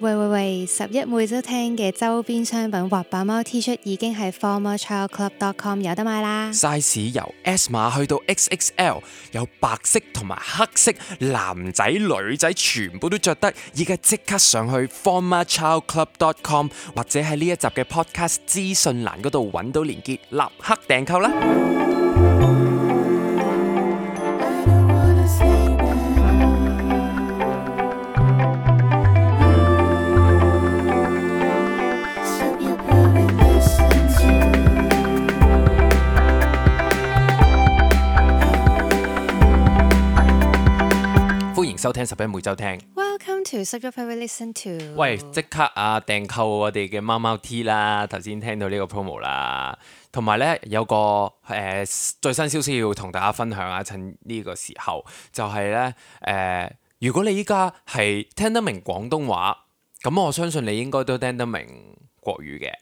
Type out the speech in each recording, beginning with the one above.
喂喂喂！十一每周聽嘅周邊商品滑板貓 T 恤已經喺 formerchildclub.com 有得買啦，size 由 S 碼去到 XXL，有白色同埋黑色，男仔女仔全部都着得，而家即刻上去 formerchildclub.com 或者喺呢一集嘅 podcast 資訊欄嗰度揾到連結，立刻訂購啦！收聽拾壹，每週聽。Welcome to 十一 Every Listen to。喂，即刻啊，訂購我哋嘅貓貓 T 啦！頭先聽到呢個 promo 啦，同埋呢，有個誒、呃、最新消息要同大家分享啊，趁呢個時候就係、是、呢。誒、呃，如果你依家係聽得明廣東話，咁我相信你應該都聽得明國語嘅。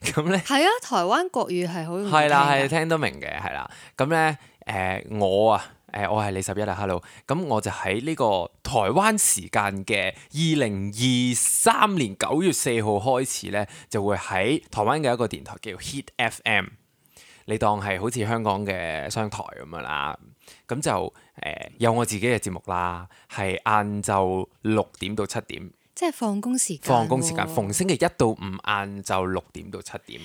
咁 咧呢？係啊，台灣國語係好，係啦，係聽得明嘅，係啦。咁、嗯、呢，誒、呃，我啊～誒，我係李拾壹啊，hello！咁我就喺呢個台灣時間嘅二零二三年九月四號開始呢，就會喺台灣嘅一個電台叫 Hit FM，你當係好似香港嘅商台咁樣啦。咁就誒、呃、有我自己嘅節目啦，係晏晝六點到七點，即係放工時間，啊。放工時間，逢星期一到五晏晝六點到七點。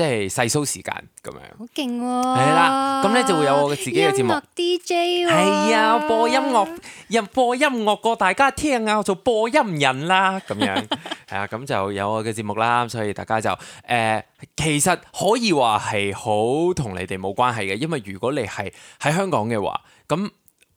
即係細數時間咁樣，好勁喎！係啦，咁咧就會有我嘅自己嘅節目，DJ 喎，係啊，播音樂，入播音樂過大家聽啊，我做播音人啦，咁樣係啊，咁就有我嘅節目啦，所以大家就誒，其實可以話係好同你哋冇關係嘅，因為如果你係喺香港嘅話，咁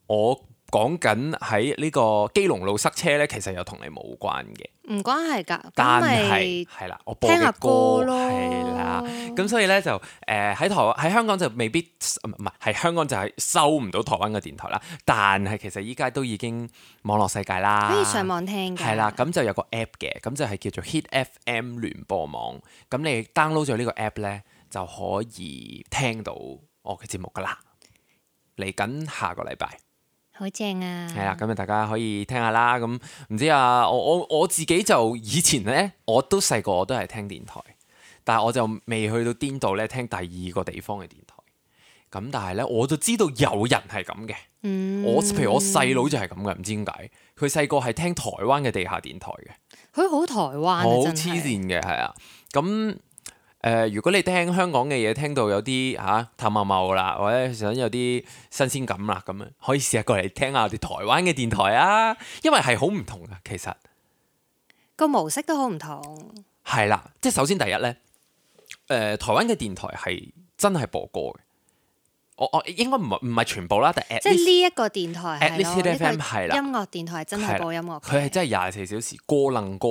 我。講緊喺呢個基隆路塞車呢，其實又同你冇關嘅，唔關係噶。但係係啦，我播嘅歌咯係啦。咁所以呢，就誒喺、呃、台喺香港就未必唔係係香港就係收唔到台灣嘅電台啦。但係其實依家都已經網絡世界啦，可以上網聽嘅係啦。咁就有個 app 嘅，咁就係叫做 Hit FM 聯播網。咁你 download 咗呢個 app 呢，就可以聽到我嘅節目噶啦。嚟緊下，下個禮拜。好正啊！係啦，咁啊，大家可以聽下啦。咁唔知啊，我我我自己就以前呢，我都細個我都係聽電台，但係我就未去到顛度呢聽第二個地方嘅電台。咁但係呢，我就知道有人係咁嘅。嗯，我譬如我細佬就係咁嘅，唔知點解佢細個係聽台灣嘅地下電台嘅，佢好台灣，好黐線嘅，係啊，咁。誒、呃，如果你聽香港嘅嘢聽到有啲吓、啊、淡茂茂啦，或者想有啲新鮮感啦，咁樣可以試下過嚟聽下我哋台灣嘅電台啊，因為係好唔同噶，其實個模式都好唔同。係啦，即係首先第一呢，誒、呃，台灣嘅電台係真係播歌嘅。我我應該唔唔係全部啦，但即係呢一個電台，係呢個音樂電台真係播音樂。佢係真係廿四小時歌楞歌，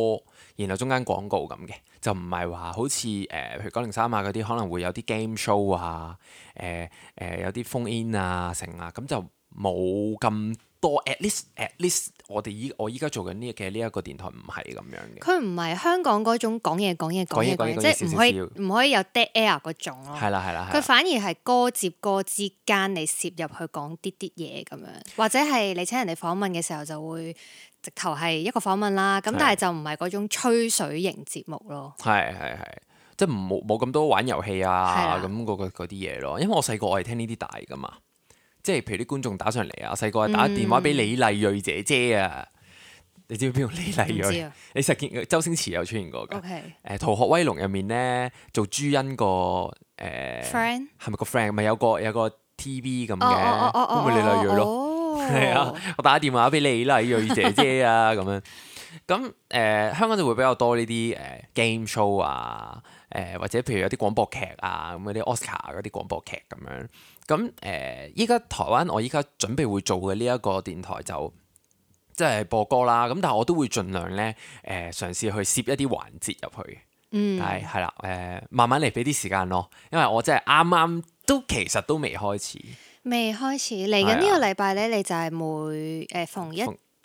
然後中間廣告咁嘅，就唔係話好似誒、呃，譬如九零三啊嗰啲可能會有啲 game show 啊，誒、呃、誒、呃、有啲 phone in 啊成啊，咁就冇咁。多 at least at least 我哋依我依家做緊呢嘅呢一個電台唔係咁樣嘅，佢唔係香港嗰種講嘢講嘢講嘢，即係唔可以唔可以有 dead air 嗰種咯。係啦係啦，佢反而係歌接歌之間你攝入去講啲啲嘢咁樣，或者係你請人哋訪問嘅時候就會直頭係一個訪問啦。咁但係就唔係嗰種吹水型節目咯。係係係，即係冇冇咁多玩遊戲啊咁嗰啲嘢咯。因為我細個我係聽呢啲大㗎嘛。即係譬如啲觀眾打上嚟啊！我細個打電話俾李麗蕊姐姐啊！你知唔知邊個李麗蕊？你實見周星馳有出現過㗎。誒《逃學威龍》入面咧做朱茵個誒係咪個 friend？咪有個有個 TV 咁嘅，咁咪李麗蕊咯。係啊，我打電話俾李麗蕊姐姐啊咁樣。咁誒香港就會比較多呢啲誒 game show 啊，誒或者譬如有啲廣播劇啊咁嗰啲 Oscar 嗰啲廣播劇咁樣。咁誒，依家、呃、台灣，我依家準備會做嘅呢一個電台就即係播歌啦。咁但係我都會盡量咧誒、呃、嘗試去攝一啲環節入去。嗯，係係啦，誒、呃、慢慢嚟俾啲時間咯。因為我真係啱啱都其實都未開始，未開始嚟緊呢個禮拜咧，的你就係每誒、呃、逢一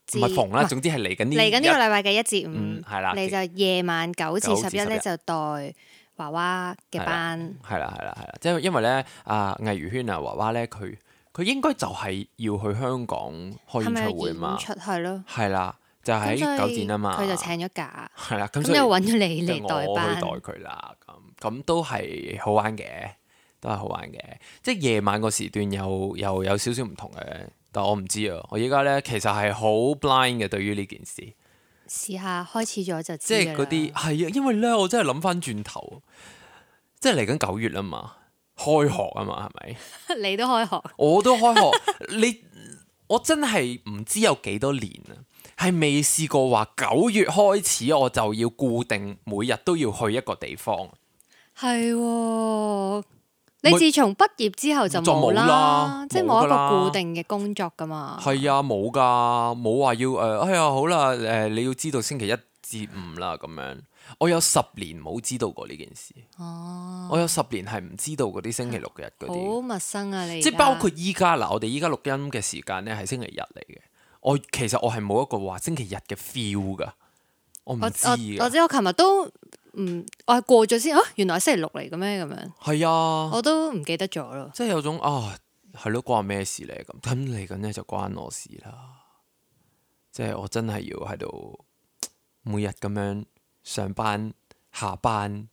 至唔係逢啦，呃、總之係嚟緊嚟緊呢個禮拜嘅一至五係啦，嗯、你就夜晚九至十一咧就待。娃娃嘅班，係啦係啦係啦，即係因為咧，啊魏如萱啊娃娃咧，佢佢應該就係要去香港開演唱會嘛，演出係咯，係啦就喺酒店啊嘛，佢就請咗假係啦，咁所以揾咗你嚟代班，代佢啦，咁咁都係好玩嘅，都係好玩嘅，即係夜晚個時段又又有少少唔同嘅，但我唔知啊，我依家咧其實係好 blind 嘅對於呢件事。試下開始咗就知即係嗰啲係啊，因為咧我真係諗翻轉頭，即係嚟緊九月吖嘛，開學啊嘛，係咪？ 你都開學，我都開學。 你我真係唔知有幾多年啊，係未試過話九月開始我就要固定每日都要去一個地方。係。 你自從畢業之後就冇啦，啦即係冇一個固定嘅工作噶嘛？係啊，冇噶，冇話要誒，哎呀，好啦，誒、呃、你要知道星期一至五啦咁樣，我有十年冇知道過呢件事。哦、啊。我有十年係唔知道嗰啲星期六日嗰啲。好、嗯、陌生啊！你即係包括依家嗱，我哋依家錄音嘅時間咧係星期日嚟嘅。我其實我係冇一個話星期日嘅 feel 噶。我唔知或者我琴日都。嗯，我係過咗先啊，原來係星期六嚟嘅咩？咁樣係啊，我都唔記得咗咯。即係有種啊，係咯，關咩事咧？咁嚟緊咧就關我事啦。即係我真係要喺度每日咁樣上班下班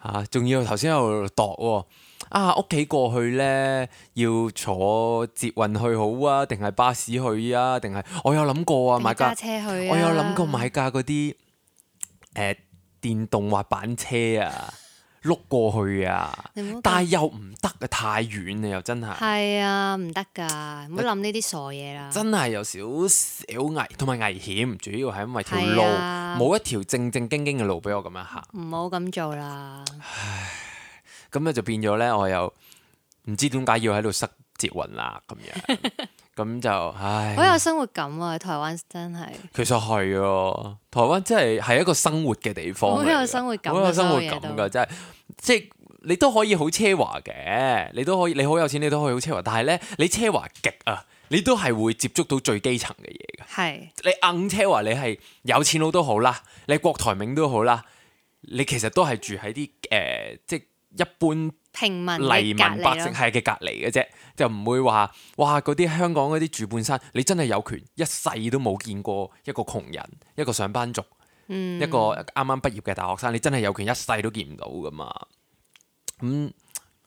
吓，仲要頭先又度啊，屋企、啊、過去咧要坐捷運去好啊，定係巴士去啊？定係我有諗過啊，啊買架車去，啊。我有諗過買架嗰啲誒。呃電動滑板車啊，碌過去啊，但係又唔得啊，太遠啊，又真係。係啊，唔得㗎，唔好諗呢啲傻嘢啦。真係有少少危，同埋危險，主要係因為條路冇、啊、一條正正經經嘅路俾我咁樣行。唔好咁做啦。唉，咁咧就變咗咧，我又唔知點解要喺度失捷雲啦咁樣。 咁就，唉，好有生活感啊！台灣真係，其實係啊，台灣真係係一個生活嘅地方。好有生活感，好有生活感㗎，真係，即係你都可以好奢華嘅，你都可以，你好有錢，你都可以好奢華。但係咧，你奢華極啊，你都係會接觸到最基層嘅嘢嘅。係是，你硬奢華你，你係有錢佬都好啦，你郭台銘都好啦，你其實都係住喺啲誒，即一般。平民、黎民百姓係嘅的隔籬嘅啫，就唔會話，哇！嗰啲香港嗰啲住半山，你真係有權一世都冇見過一個窮人，一個上班族，嗯、一個啱啱畢業嘅大學生，你真係有權一世都見唔到噶嘛？咁、嗯。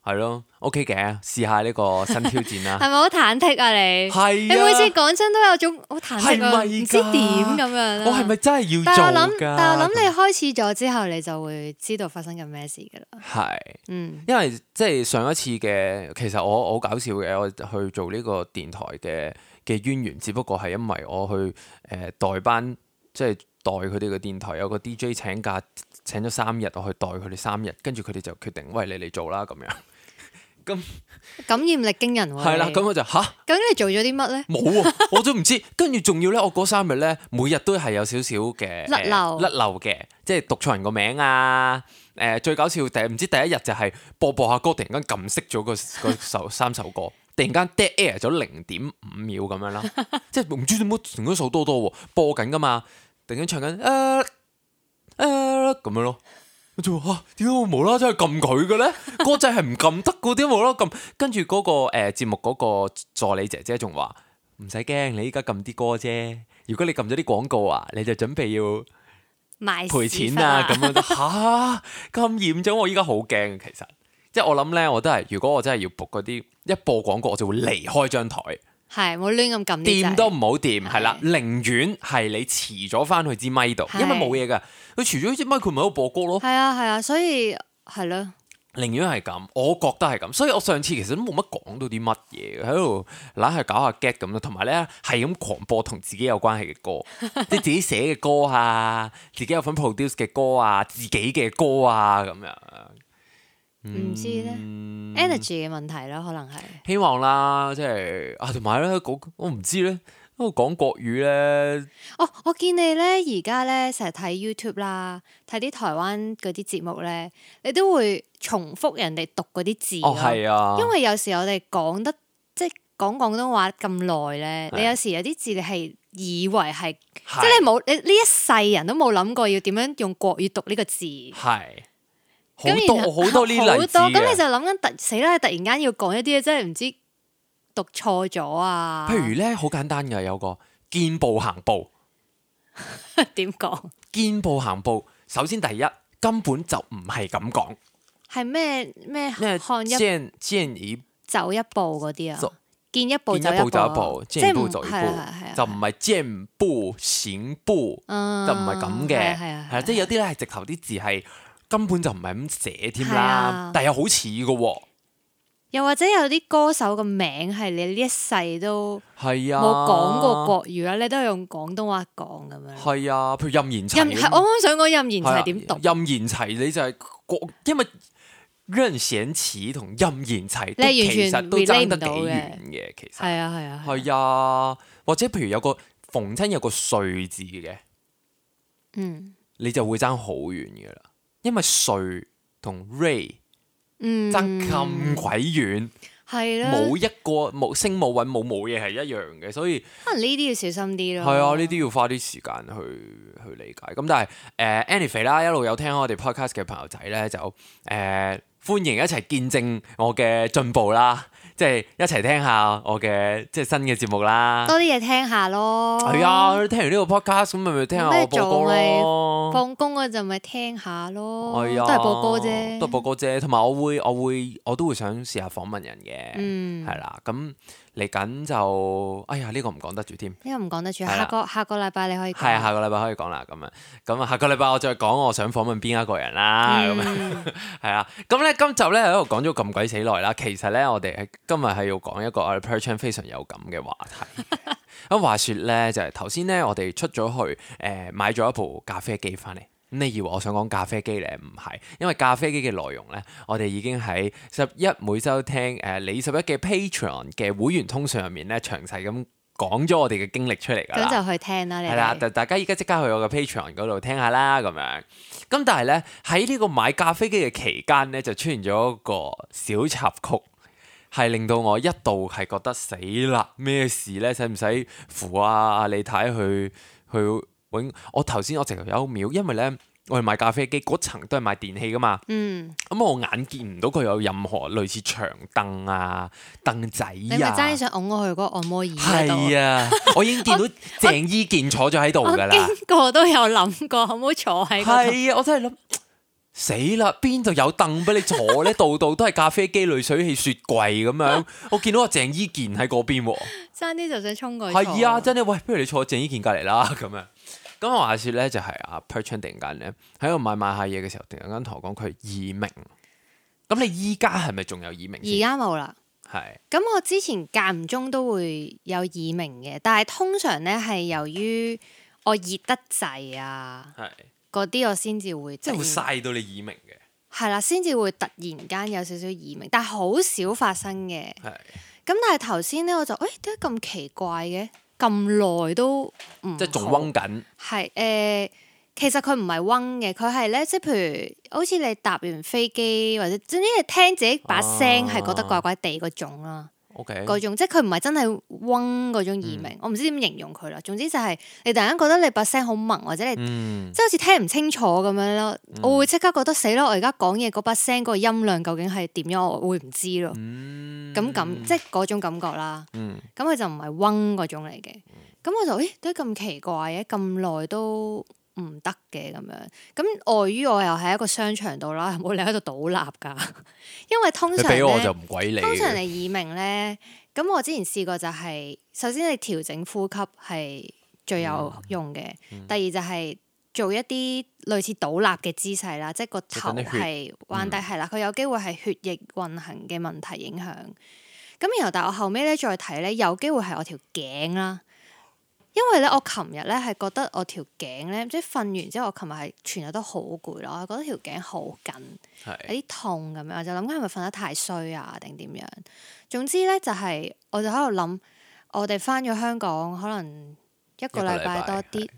係咯，OK 嘅，試下呢個新挑戰啦。係咪好忐忑啊你？係啊，你每次講真都有種好忐忑個，唔知點咁樣。我係咪真係要做？但係我諗，但係我諗你開始咗之後，你就會知道發生緊咩事噶啦。係，嗯，因為即係上一次嘅，其實我，我好搞笑嘅，我去做呢個電台嘅嘅淵源，只不過係因為我去誒、呃、代班，即係代佢哋個電台有個 DJ 請假，請咗三日，我去代佢哋三日，跟住佢哋就決定，喂，你嚟做啦咁樣。咁感染力驚人喎，係啦，咁我就吓，咁你做咗啲乜咧？冇喎，我都唔知。跟住仲要咧，我嗰三日咧，每日都係有少少嘅甩漏、甩漏嘅，即係讀錯人個名啊。誒，最搞笑第唔知第一日就係播播下歌，突然間撳熄咗個個首三首歌，突然間 dead air 咗零點五秒咁樣啦，即係唔知點解，全個數多多播緊噶嘛，突然間唱緊誒誒咁樣咯。啊、我就話點解我無啦啦真係撳佢嘅呢？歌仔係唔撳得噶，啲無啦啦撳，跟住嗰個誒節、呃、目嗰個助理姐姐仲話唔使驚，你依家撳啲歌啫。如果你撳咗啲廣告啊，你就準備要賣賠錢啊。咁樣，」咁啊，吓咁嚴重，我依家好驚。其實即係、就是、我諗呢，我都係如果我真係要播嗰啲一播廣告，我就會離開張台。係，冇亂咁撳啲掣。掂都唔好掂，係啦的，寧願係你遲咗翻去支咪度，的因為冇嘢噶。佢除咗支咪，佢咪喺度播歌咯。係啊係啊，所以係咯，寧願係咁，我覺得係咁。所以我上次其實都冇乜講到啲乜嘢，喺度嗱，係搞下 get 咁啦。同埋咧，係咁狂播同自己有關係嘅歌， 即係自己寫嘅歌啊，自己有份 produce 嘅歌啊，自己嘅歌啊咁樣。唔、嗯、知咧，energy 嘅問題啦，可能係希望啦，即係啊，同埋咧，我唔知咧，因為講國語咧。哦，我見你咧，而家咧，成日睇 YouTube 啦，睇啲台灣嗰啲節目咧，你都會重複人哋讀嗰啲字，係啊，哦，啊，因為有時我哋講得，即係講廣東話咁耐咧，是你有時有啲字你係以為係，是即係你冇你呢一世人都冇諗過要點樣用國語讀呢個字，係。好多好多呢啲例子啊！咁你就諗緊突死啦！突然間要講一啲嘢，真係唔知讀錯咗啊！譬如咧，好簡單嘅，有個見步行步，點講？見步行步，首先第一根本就唔係咁講，係咩咩？咩？見見以走一步嗰啲啊？見一步走一步，即係唔係啊？就唔係見步行步，就唔係咁嘅，係啊！即係有啲咧係直頭啲字係。根本就唔係咁寫添啦，但又好似嘅。又或者有啲歌手嘅名係你呢一世都係啊，冇講過國語啦，啊啊、你都係用廣東話講咁樣。係啊，譬如任賢齊，任嗯、我啱想講任賢齊點讀、啊。任賢齊你就係國，因為任賢似同任賢齊，你完全都爭得幾遠嘅。其實係啊，係啊，係啊。啊或者譬如有個逢親有個「瑞」字嘅，嗯，你就會爭好遠嘅啦。因為誰同 Ray 爭咁鬼遠，係冇的一個冇聲冇韻冇冇嘢係一樣嘅，所以可能呢啲要小心啲咯。係啊，呢啲要花啲時間去去理解。咁但係誒，Annie 肥啦，呃、anyway，一路有聽我哋 podcast 嘅朋友仔咧，就誒、呃、歡迎一齊見證我嘅進步啦。即係一齊聽一下我嘅即係新嘅節目啦，多啲嘢聽下咯。係啊、哎，聽完呢個 podcast 咁，咪咪聽下我播歌咯。做咪放工嗰陣咪聽下咯。係啊、哎呀，都係播歌啫，都係播歌啫。同埋我會，我會，我都會想試下訪問人嘅。嗯，係啦，咁。嚟緊就，哎呀呢、呢個唔講得住添，呢個唔講得住，下個下個禮拜你可以，係啊下個禮拜可以講啦，咁啊咁啊下個禮拜我再講我想訪問邊一個人啦，咁、嗯、樣係啊，咁咧今集咧喺度講咗咁鬼死耐啦，其實咧我哋今日係要講一個我哋 非常有感嘅話題。啊 話説咧就係頭先咧我哋出咗去誒、呃、買咗一部咖啡機翻嚟。咁你以為我想講咖啡機咧，唔係，因為咖啡機嘅內容咧，我哋已經喺十一每週聽誒李、呃、十一嘅 Patreon 嘅會員通訊入面咧，詳細咁講咗我哋嘅經歷出嚟噶。咁就去聽啦，係啦，大家依家即刻去我嘅 Patreon 嗰度聽下啦，咁樣。咁、嗯、但係咧，喺呢個買咖啡機嘅期間咧，就出現咗一個小插曲，係令到我一度係覺得死啦咩事咧，使唔使扶阿阿李太去去？我頭先，我直頭有秒，因為咧，我係買咖啡機嗰層都係賣電器噶嘛。嗯。咁我眼見唔到佢有任何類似長凳啊、凳仔啊。你咪爭啲想擁過去嗰個按摩椅？係啊，我已經見到鄭伊健坐咗喺度噶啦。個都有諗過，可唔可以坐喺度？係啊，我真係諗死啦，邊度有凳俾你坐咧？度度都係咖啡機、濾水器、雪櫃咁樣。我見到阿鄭伊健喺嗰邊喎。爭啲就想衝過去。係啊，真係，喂，不如你坐阿鄭伊健隔離啦，咁樣。咁我下次咧，就係、是、阿 Perchan 突然間咧喺度買買下嘢嘅時候，突然間同我講佢耳鳴。咁你依家係咪仲有耳鳴？而家冇啦。係是。咁我之前間唔中都會有耳鳴嘅，但係通常咧係由於我熱得滯啊，係是。嗰啲我先至會是即係會晒到你耳鳴嘅。係啦，先至會突然間有少少耳鳴，但係好少發生嘅。係是。咁但係頭先咧，我就誒點解咁奇怪嘅？咁耐都唔即係仲嗡緊，係、呃、誒，其實佢唔係嗡嘅，佢係咧，即係譬如好似你搭完飛機，或者總之你聽自己把聲，係覺得怪怪地嗰種啦、啊。啊嗰 Okay. 種即係佢唔係真係嗡嗰種耳鳴，mm. 我唔知點形容佢啦。總之就係你突然間覺得你把聲好矇，或者你、mm. 即係好似聽唔清楚咁樣咯。Mm. 我會即刻覺得死咯！我而家講嘢嗰把聲嗰、嗰個音量究竟係點樣？我會唔知咯。咁咁、mm. 即係嗰種感覺啦。咁佢、mm. 就唔係嗡嗰種嚟嘅。咁我就咦都咁奇怪嘅？咁耐都～唔得嘅咁樣，咁、呃、礙於我又喺一個商場度啦，冇理由你喺度倒立㗎， 因為通常通常你耳鳴呢，咁我之前試過就係、是，首先你調整呼吸係最有用嘅，嗯、第二就係做一啲類似倒立嘅姿勢啦，嗯、即係個頭係彎低係啦，佢、嗯、有機會係血液運行嘅問題影響。咁然後，但係我後尾咧再睇呢，有機會係我條頸啦。因為咧，我琴日咧係覺得我條頸咧，即係瞓完之後我，我琴日係全日都好攰咯，我係覺得條頸好緊，是有啲痛咁樣，我就諗緊係咪瞓得太衰啊，定點樣？總之咧，就係我就喺度諗，我哋翻咗香港可能一個禮拜多啲，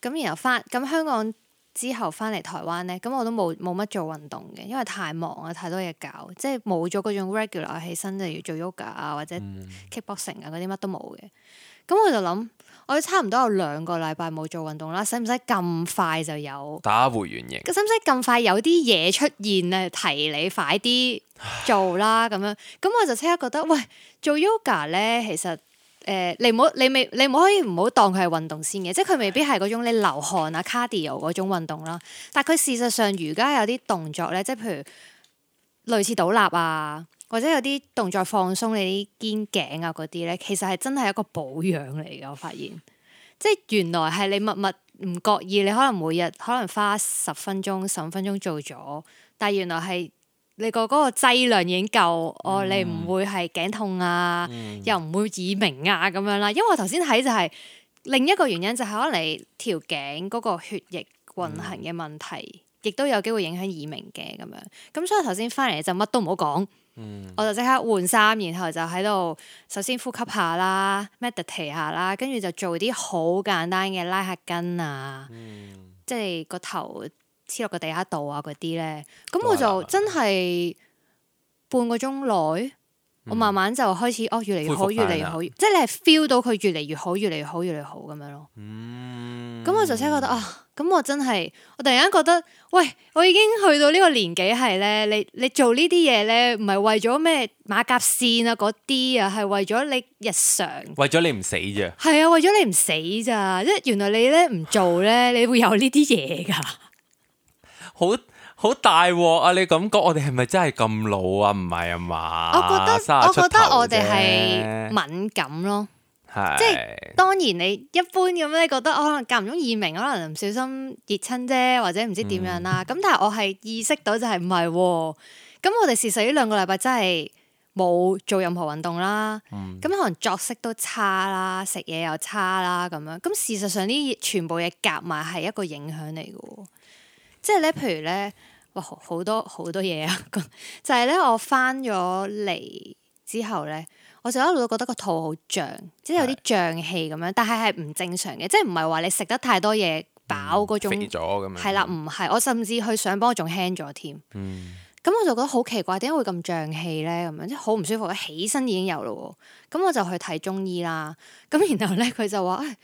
咁然後翻咁香港之後翻嚟台灣咧，咁我都冇冇乜做運動嘅，因為太忙啊，太多嘢搞，即係冇咗嗰種 regular 起身就要做 yoga 啊或者 kickboxing 啊嗰啲乜都冇嘅，咁、嗯、我就諗。我差唔多有兩個禮拜冇做運動啦，使唔使咁快就有打回原形？使唔使咁快有啲嘢出現咧？提你快啲做啦，咁唉樣，咁我就即刻覺得，喂，做 yoga 咧，其實誒、呃，你唔好，你未，你唔可以唔好當佢係運動先嘅，即係佢未必係嗰種你流汗啊 cardio 嗰種運動啦。但係佢事實上，而家有啲動作咧，即係譬如類似倒立啊。或者有啲動作放鬆你啲肩頸啊嗰啲咧，其實係真係一個保養嚟嘅。我發現，即係原來係你默默唔覺意，你可能每日可能花十分鐘、十五分鐘做咗，但係原來係你個嗰個劑量已經夠，哦、嗯哦、你唔會係頸痛啊，嗯、又唔會耳鳴啊咁樣啦。因為我頭先睇就係、是、另一個原因，就係可能你條頸嗰個血液運行嘅問題。嗯亦都有機會影響耳鳴嘅咁樣，咁所以頭先翻嚟就乜都唔好講，嗯、我就即刻換衫，然後就喺度首先呼吸下啦，meditate 下啦，跟住就做啲好簡單嘅拉下筋啊，即係個頭黐落個地下度啊嗰啲咧，咁我就真係半個鐘內。我慢慢就開始，哦，越嚟越好，越嚟越，越，越好，即係你係 feel 到佢越嚟越好，越嚟越好，越嚟越好咁樣咯。嗯，咁我就先係覺得啊，咁、哦、我真係，我突然間覺得，喂，我已經去到呢個年紀係咧，你你做呢啲嘢咧，唔係為咗咩馬甲線啊嗰啲啊，係為咗你日常。為咗你唔死啫。係啊，為咗你唔死咋，即係原來你咧唔做咧， 你會有呢啲嘢㗎。好。好大鑊！啊，你感覺我哋係咪真係咁老啊？唔係啊嘛？我覺，我覺得我覺得我哋係敏感咯，係是即係當然你一般咁樣你覺得可能夾唔中耳鳴，可能唔小心熱親啫，或者唔知點樣啦、啊。咁、嗯、但係我係意識到就係唔係。咁我哋事實呢兩個禮拜真係冇做任何運動啦，咁、嗯、可能作息都差啦，食嘢又差啦，咁樣。咁事實上呢啲全部嘢夾埋係一個影響嚟嘅。即係咧，譬如咧，哇，好多好多嘢啊！ 就係咧，我翻咗嚟之後咧，我就一路都覺得個肚好脹，即係有啲脹氣咁樣，但係係唔正常嘅，即係唔係話你食得太多嘢飽嗰種，嗯、肥咗咁樣，係啦，唔係，我甚至去上磅仲輕咗添。咁、嗯、我就覺得好奇怪，點解會咁脹氣咧？咁樣即係好唔舒服，起身已經有咯。咁我就去睇中醫啦。咁然後咧，佢就話，哎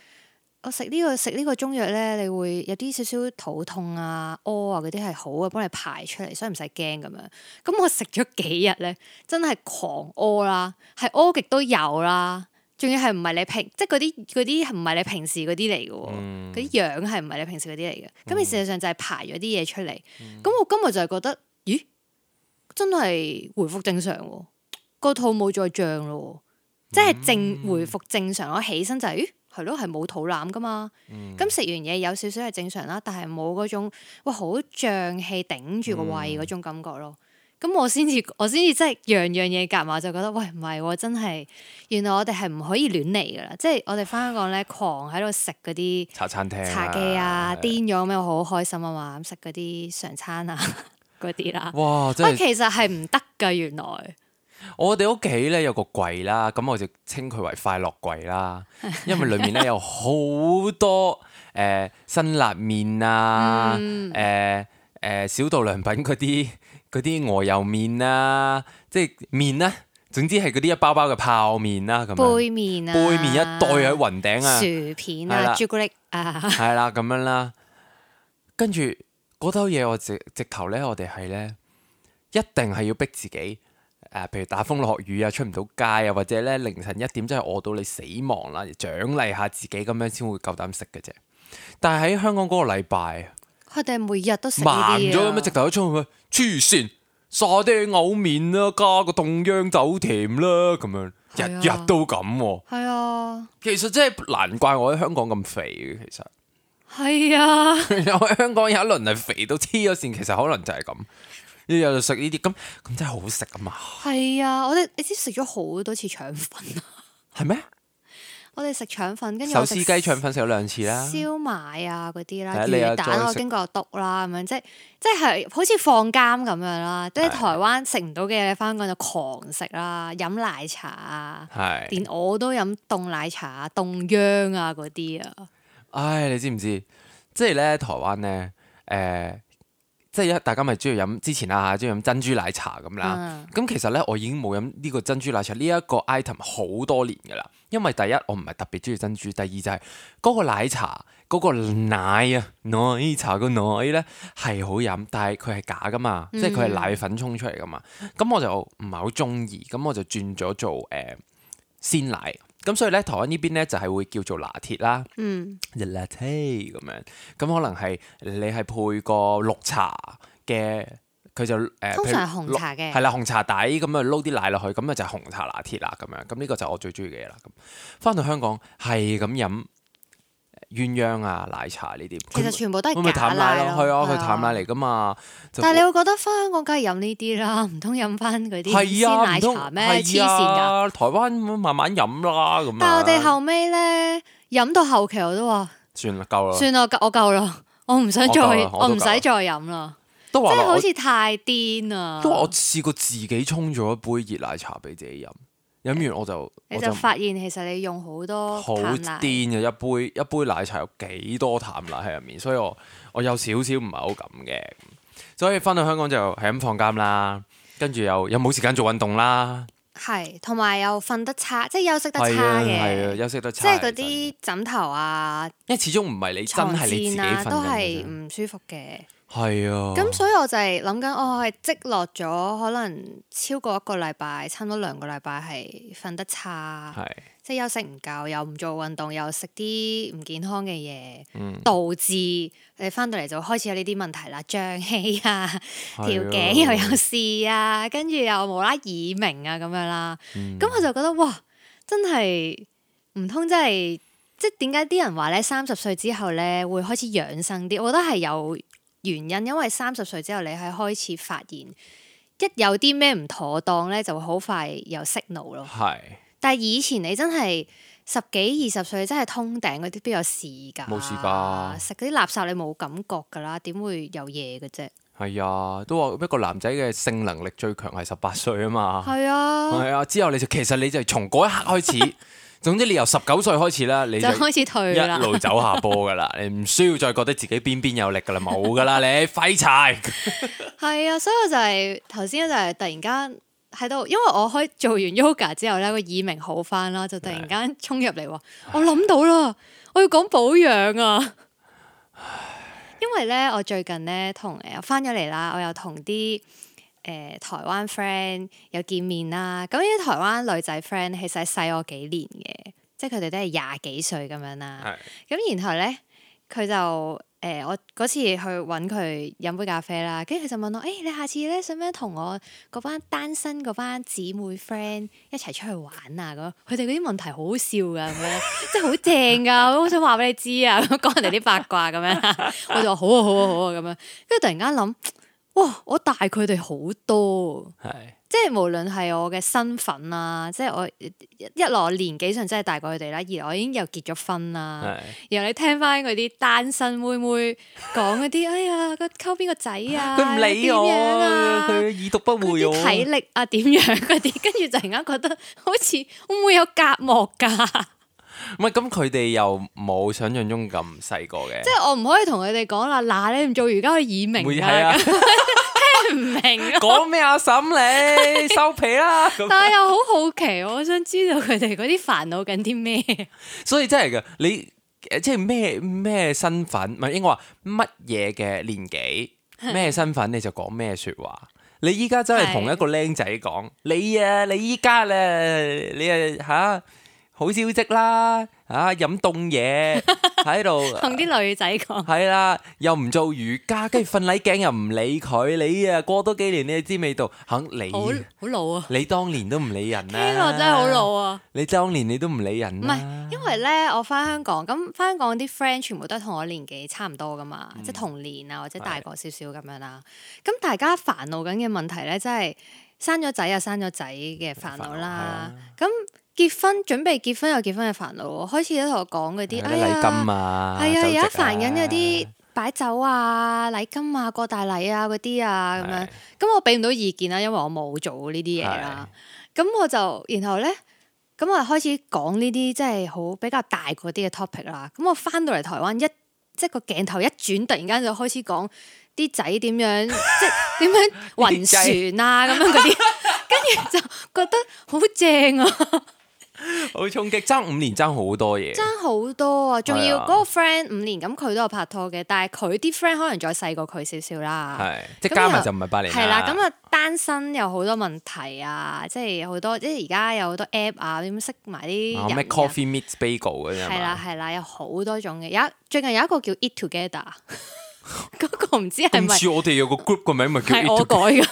我食呢、呢個食呢個中藥咧，你會有啲少少肚痛啊、屙啊嗰啲係好啊，幫你排出嚟，所以唔使驚咁樣。咁我食咗幾日咧，真係狂屙啦，係屙極都有啦，仲要係唔係你平即係嗰啲嗰啲唔係你平時嗰啲嚟嘅，嗰啲、嗯、樣係唔係你平時嗰啲嚟嘅。咁你、嗯、事實上就係排咗啲嘢出嚟。咁、嗯、我今日就係覺得，咦，真係回復正常，啊，個肚冇再脹咯，即係正回復正常。我起身就咦、係。係咯，係冇肚腩噶嘛。咁食、嗯、完嘢有少少係正常啦，但係冇嗰種嘩、好脹氣頂住個胃嗰種感覺咯。咁、嗯、我先至我先至真係樣樣嘢夾埋，就覺得喂唔係、哦，真係原來我哋係唔可以亂嚟噶啦。即係我哋返香港咧，狂喺度食嗰啲茶餐廳、茶記啊，癲咗咩？我好的開心啊嘛，食嗰啲常餐啊嗰啲 啦。哇！真、啊、其實係唔得嘅，原來。我哋屋企咧有個櫃啦，咁我就稱佢為快樂櫃啦，因為裏面咧有好多誒辛、 呃、辣麵啊，誒誒、嗯呃呃、小道良品嗰啲嗰啲鵝油麵啊，即係麵啦，總之係嗰啲一包包嘅泡麵啦，咁杯麵啊，杯麵麵、啊、一袋喺雲頂啊，薯片啊了，朱古力啊，係啦咁樣啦，跟住嗰兜嘢我直直頭咧，我哋係咧一定係要逼自己。誒、啊，譬如打風落雨啊，出唔到街啊，或者咧凌晨一點真係餓到你死亡啦，獎勵下自己咁樣先會夠膽食嘅啫。但係喺香港嗰個禮拜，佢哋每日都食慢咗，咩直頭一出去黐線，沙爹牛麵啦，加個凍鴦走甜啦，咁樣日日、啊、都咁、啊。係啊其，其實真係難怪我喺香港咁肥嘅，其實係啊， 我喺香港有一輪係肥到黐咗線，其實可能就係咁。又食呢啲咁咁真係好食啊嘛！係啊，我哋你知食咗好多次腸粉啊，係咩？我哋食腸粉，跟住手撕雞腸粉食咗兩次啦，燒賣啊嗰啲啦，仲要打個經過篤啦咁樣，即係即係好似放監咁樣、啊、啦。即係台灣食唔到嘅嘢，翻香港就狂食啦，飲奶茶啊，啊連我都飲凍奶茶、凍鴦啊嗰啲啊。啊 唉，你知唔知？即係咧台灣咧，誒、呃。呃即係大家咪中意飲之前啊，嚇，中意飲珍珠奶茶咁啦。咁 其實呢，我已經冇飲呢個珍珠奶茶呢一個 item 好多年噶啦。因為第一我唔係特別中意珍珠，第二就係嗰個奶茶嗰、那個嗰個奶啊，奶茶個奶咧係好飲，但係佢係假噶嘛，即係佢係奶粉沖出嚟噶嘛。咁、mm hmm。我就唔係好中意，咁我就轉咗做誒、呃、鮮奶。咁所以咧，台灣邊呢邊咧就係、是、會叫做拿鐵啦，嗯 l a 咁樣，咁可能係你係配個綠茶嘅，佢就誒，呃、通常紅茶嘅，係啦，紅茶底咁啊撈啲奶落去，咁啊就紅茶拿鐵啦咁樣，咁呢個就我最中意嘅嘢啦。咁翻到香港係咁飲。就是鴛鴦啊，奶茶呢啲，其實全部都係假奶咯。佢淡奶嚟噶嘛？但係你會覺得翻香港梗係飲呢啲啦，唔通飲翻嗰啲鮮奶茶咩？黐線㗎！台灣慢慢飲啦咁。但係我哋後尾咧飲到後期我都話：算啦，夠啦，算啦，我夠啦，我唔想再，我唔使再飲啦。都話即係好似太癲啊！都話我試過自己沖咗一杯熱奶茶俾自己飲。飲完我就，你就發現其實你用好多淡奶，好癲嘅，一杯一杯奶茶有幾多淡奶喺入面，所以我我有少少唔係好敢嘅。所以翻到香港就係咁放監啦，跟住又又冇時間做運動啦，係同埋又瞓得差，即係休息得差嘅，休息得差，即係嗰啲枕頭啊，因為始終唔係你真係你自己瞓、啊，都係唔舒服嘅。係啊，咁所以我就係諗緊，我係積落咗可能超過一個禮拜，差唔多兩個禮拜係瞓得差，是即係休息唔夠，又唔做運動，又食啲唔健康嘅嘢，嗯、導致你翻到嚟就開始有呢啲問題啦，脹氣啊，條頸、啊、又有事啊，啊跟住又無啦耳鳴啊咁樣啦，咁、嗯、我就覺得哇，真係唔通真係即係點解啲人話咧，三十歲之後咧會開始養生啲，我覺得係有。原因，因為三十歲之後，你係開始發現一有啲咩唔妥當咧，就會好快又息怒咯。係，是 但係以前你真係十幾二十歲，真係通頂嗰啲邊有事㗎？冇事㗎，食嗰啲垃圾你冇感覺㗎啦，點會有嘢嘅啫？係啊，都話一個男仔嘅性能力最強係十八歲啊嘛。係是啊，係啊，之後你就其實你就係從嗰一刻開始。 總之你由十九歲開始啦，你就開始退啦，一路走下坡噶啦， 你唔需要再覺得自己邊邊有力噶啦，冇噶啦，你廢柴。係 啊，所以我就係頭先就係突然間喺度，因為我開做完 yoga 之後咧個耳鳴好翻啦，就突然間衝入嚟， 我諗到啦， 我要講保養啊，因為咧我最近咧同誒翻咗嚟啦，我又同啲。誒、呃、台灣 friend 又見面啦，咁啲台灣女仔 friend 其實細我幾年嘅，即係佢哋都係廿幾歲咁樣啦。咁對然後咧，佢就誒、呃、我嗰次去搵佢飲杯咖啡啦，跟住佢就問我：誒、欸、你下次咧想唔想同我嗰班單身嗰班姊妹 friend 一齊出去玩啊？咁佢哋嗰啲問題好笑噶，咁樣 即係好正噶，我都想話俾你知啊，講人哋啲八卦咁樣。我就話好，好，好啊，好啊，好啊，咁樣。跟住突然間諗。哇！我大佢哋好多，是即係無論係我嘅身份啊，即係我一來我年紀上真係大過佢哋啦，二來我已經又結咗婚啦。是然後你聽翻嗰啲單身妹妹講嗰啲， 哎呀，佢溝邊個仔啊，佢唔理我樣啊，佢已讀不回我，體力啊點樣嗰啲，跟 住突然間覺得好似會唔會有隔膜噶？唔係咁，佢哋又冇想象中咁細個嘅。即係我唔可以同佢哋講啦，嗱，你唔做瑜伽，耳鳴啊，聽唔明。講咩啊，嬸你收皮啦！但係又好好奇，我想知道佢哋嗰啲煩惱緊啲咩。所以真係噶，你即係咩咩身份？唔係應該話乜嘢嘅年紀，咩身份你就講咩說話。你依家真係同一個僆仔講，你啊，你依家咧，你啊吓。啊啊好消息啦，啊飲凍嘢喺度，同啲 女仔講係啦，又唔做瑜伽，跟住瞓捩頸又唔理佢你啊，過多幾年你知味道肯理，啊好，好老啊！你當年都唔理人啊？呢個真係好老啊！你當年你都唔理人，啊，唔係因為咧，我翻香港咁翻香港啲 friend 全部都係同我年紀差唔多噶嘛，嗯、即係同年啊或者大個少少咁樣啦，咁大家煩惱緊嘅問題咧，真、就、係、是、生咗仔啊生咗仔嘅煩惱啦，咁。結婚準備結婚有結婚嘅煩惱，開始都同我講嗰啲，禮金啊，係啊，有啲煩緊，有啲擺酒啊、禮金啊、過大禮啊嗰啲啊咁樣。咁我俾唔到意見啦，因為我冇做呢啲嘢啦。咁我就然後咧，咁我就開始講呢啲即係好比較大嗰啲嘅 topic 啦。咁我翻到嚟台灣一即係個鏡頭一轉，突然間就開始講啲仔點樣即係點樣暈船啊咁樣嗰啲，跟住就覺得好正啊！好衝擊，爭五年爭好多嘢，爭好多啊！仲要嗰個 friend 五年咁，佢都有拍拖嘅，但係佢啲 friend 可能再細過佢少少啦。係，即加埋就唔係八年。係啦，咁啊單身有好多問題啊，即係好多，即係而家有好多 app 啊，點識埋啲咩 Coffee meets Bagel 嘅，係啦係啦，有好多種嘅，有最近有一個叫 Eat Together，嗰個唔知係唔係我哋有個 group 個名咪係我改嘅，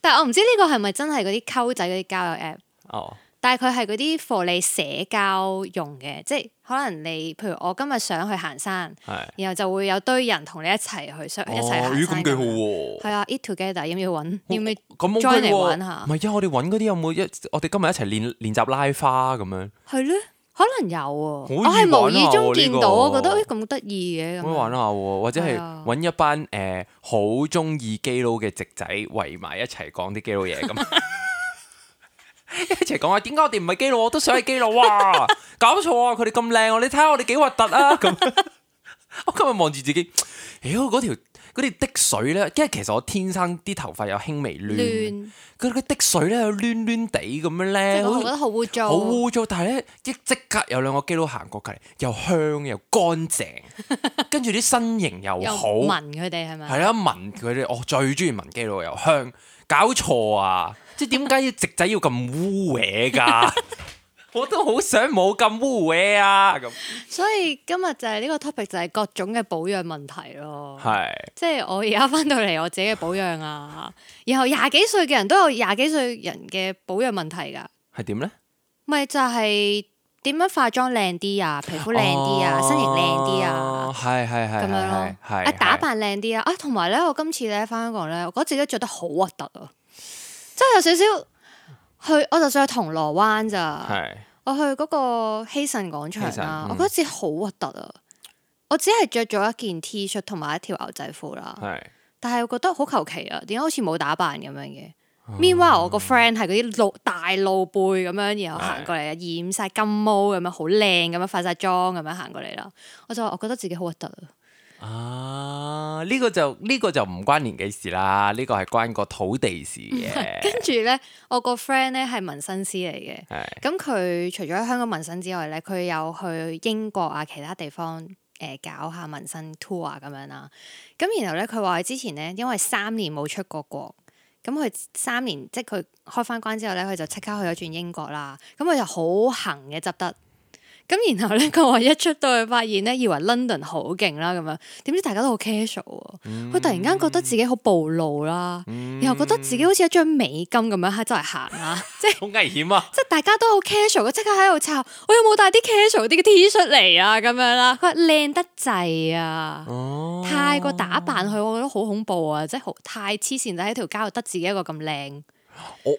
但係我唔知呢個係咪真係嗰啲溝仔嗰啲交友 app 哦。但係佢係嗰啲 for 你社交用嘅，即係可能你，譬如我今日想去行山，然後就會有堆人同你一齊去，一齊。哦，咁幾好喎！係啊，eat together，要唔要揾？要唔要咁 join 嚟玩下？唔係啊，我哋揾嗰啲有冇一？我哋今日一齊練練習拉花咁樣。係咧，可能有啊。我係無意中見到，我覺得誒咁得意嘅咁。可以玩下喎，或者係揾一班誒好中意基佬嘅直仔圍埋一齊講啲基佬嘢咁。一齊講話！點解我哋唔係基佬？我都想係基佬哇！搞錯啊！佢哋咁靚，你睇下我哋幾核突啊！咁 我今日望住自己，妖，嗰條嗰啲，滴水咧，因為其實我天生啲頭髮有輕微亂，佢佢滴水咧，亂亂地咁樣咧，我覺得好污糟，好污糟。但係咧一即刻有兩個基佬行過嚟，又香又乾淨， 跟住啲身形又好。聞佢哋係咪？係啦，聞佢哋，我最中意聞基佬又香。搞錯啊！即係點解要直仔要咁污歪噶 我都好想冇咁污歪啊！咁所以今日就係呢個 topic 就係各種嘅保養問題咯是。係，即係我而家翻到嚟我自己嘅保養啊。然後廿幾歲嘅人都有廿幾歲人嘅保養問題噶係點咧？咪就係點樣化妝靚啲啊？皮膚靚啲啊？哦、身形靚啲啊？係係係咁樣。係啊，打扮靚啲啊！啊，同埋咧，我今次咧翻香港咧，我覺得自己着得好核突啊！真係有少少去，我就想去銅鑼灣咋，的我去嗰個希慎廣場啦，神我覺得自己好核突啊！嗯、我只係着咗一件 T 恤同埋一條牛仔褲啦，的但係我覺得好求其啊，點解好似冇打扮咁樣嘅？Meanwhile，、哦、我個 friend 係嗰啲露大露背咁樣，然後行過嚟的染晒金毛咁樣，好靚咁樣化晒妝咁樣行過嚟啦，我就我覺得自己好核突。啊。啊！呢、這個就呢、這個就唔關年紀事啦，呢、這個係關個土地事嘅。跟住呢，我個 friend 呢係紋身師嚟嘅，咁佢是除咗喺香港紋身之外呢，佢有去英國啊其他地方誒、呃、搞下紋身 tour 啊，咁樣啦。咁然後呢，佢話佢之前呢，因為三年冇出過國，咁佢三年即係佢開翻關之後呢，佢就即刻去咗轉英國啦。咁佢就好行嘅執得。咁然後咧，佢話一出到去發現咧，以為 London 好勁啦，咁樣，點知大家都好 casual，佢、啊嗯、突然間覺，、啊嗯、覺得自己好暴露啦，然後覺得自己好似一張美金咁樣喺周圍行啊， 即係好危險啊！即係大家都好 casual，即刻喺度抄，我有冇帶啲 casual 啲嘅 T 恤嚟啊？咁樣啦，佢話靚得滯啊，哦、太過打扮佢，我覺得好恐怖啊！即係太黐線就喺條街度得自己一個咁靚。我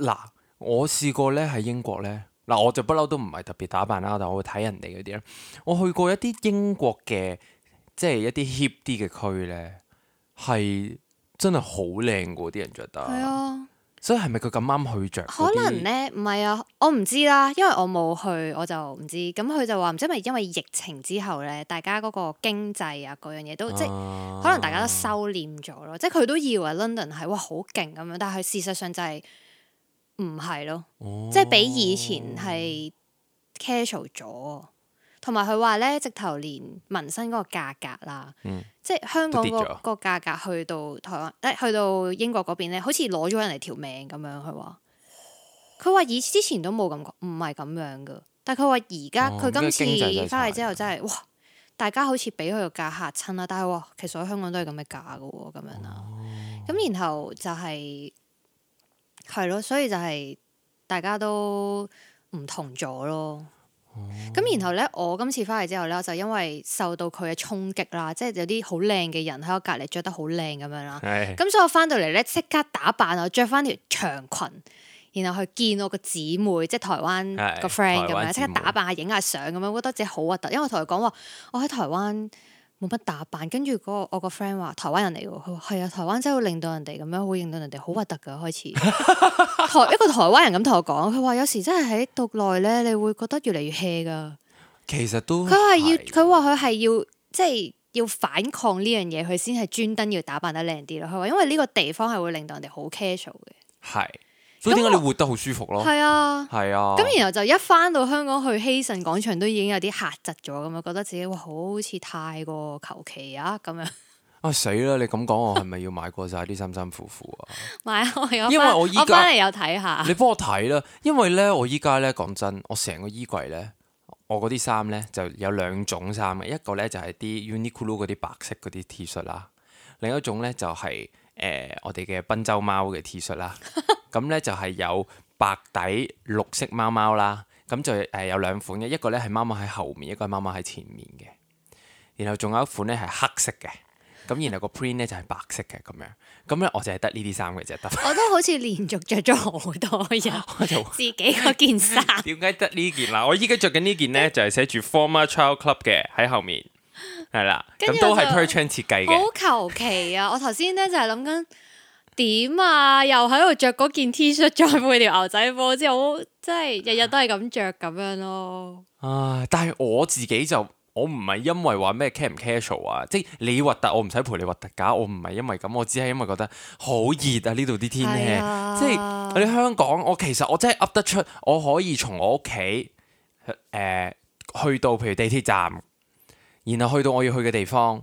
嗱，我試過咧喺英國咧。嗱，我就不嬲都唔係特別打扮啦，但我會睇人哋嗰啲咧，我去過一啲英國嘅，即係一啲 hip 啲嘅區咧，係真係好靚嘅啲人着得。係啊，所以係咪佢咁啱去着？可能咧，唔係啊，我唔知啦，因為我冇去，我就唔知。咁佢就話唔知係咪因為疫情之後咧，大家嗰個經濟啊嗰樣嘢都、啊、即係可能大家都收斂咗咯，即係佢都以為 London 係哇好勁咁樣，但係事實上就係、是。唔係咯，即係比以前係 casual 咗，同埋佢話咧，呢，直頭連紋身嗰個價格啦，嗯、即係香港個個價格去到台灣誒、哎，去到英國嗰邊咧，好似攞咗人哋條命咁樣。佢話佢話以之前都冇咁，唔係咁樣噶，但係佢話而家佢今次翻嚟之後真係哇，大家好似俾佢個價嚇親啦，但係其實喺香港都係咁嘅價噶，咁樣啦，咁、哦、然後就係、是。係咯，所以就係大家都唔同咗咯。咁、嗯、然後咧，我今次翻嚟之後咧，我就因為受到佢嘅衝擊啦，即係有啲好靚嘅人喺我隔籬着得好靚咁樣啦。咁對所以我翻到嚟咧，即刻打扮我着翻條長裙，然後去見我個姊妹，即係台灣個 friend 咁樣，即刻打扮下，下、影下相咁樣，覺得自己好核突，因為我同佢講話，我喺台灣。冇乜打扮，跟住嗰個我個 friend 話台灣人嚟嘅，佢話係啊，台灣真係會令到人哋咁樣，會令到人哋好核突嘅開始。台 一個台灣人咁同我講，佢話有時真係喺獨內呢，你會覺得越嚟越 hea 噶。其實都佢話要，佢話佢係要，即係要反抗呢樣嘢，佢先係專登要打扮得靚啲咯。佢話因為呢個地方係會令到人哋好 casual 嘅，係。所以點解你活得好舒服咯？係啊，係啊。咁然後就一翻到香港去港，希慎廣場都已經有啲嚇窒咗咁啊，覺得自己哇好似太過求其啊咁樣啊死啦！你咁講，我係咪要買過晒啲衫衫褲褲啊？買啊！ 因為我依家翻嚟又睇下，你幫我睇啦。因為咧，我依家咧講真，我成個衣櫃咧，我嗰啲衫咧就有兩種衫嘅，一個咧就係啲 Uniqlo 嗰啲白色嗰啲 T 恤啦，另一種咧就係、是、誒、呃、我哋嘅賓州貓嘅 T 恤啦。 咁咧就係有白底綠色貓貓啦，咁就誒有兩款嘅，一個咧係貓貓喺後面，一個係貓貓喺前面嘅。然後仲有一款咧係黑色嘅，咁然後個 print 咧就係白色嘅咁樣。咁咧我就係得呢啲衫嘅，只得。我都好似連續着咗好多日。我嘢，自己嗰件衫。點解得呢件啦？我依家着緊呢件咧，就係、是、寫住 Former Child Club 嘅喺後面，係啦，咁都係 T-shirt 設計嘅。好求其啊！我頭先咧就係諗緊。點啊！又喺度着嗰件 T 恤，再配條牛仔褲，即係我，即係日日都係咁着咁樣咯。唉，但係我自己就我唔係因為話咩 casual 啊，即係你核突，我唔使陪你核突㗎，我唔係因為咁，我只係因為覺得好熱啊！呢度啲天氣，是啊、即係喺香港，我其實我真係噏得出，我可以從我屋企、呃、去到譬如地鐵站，然後去到我要去嘅地方，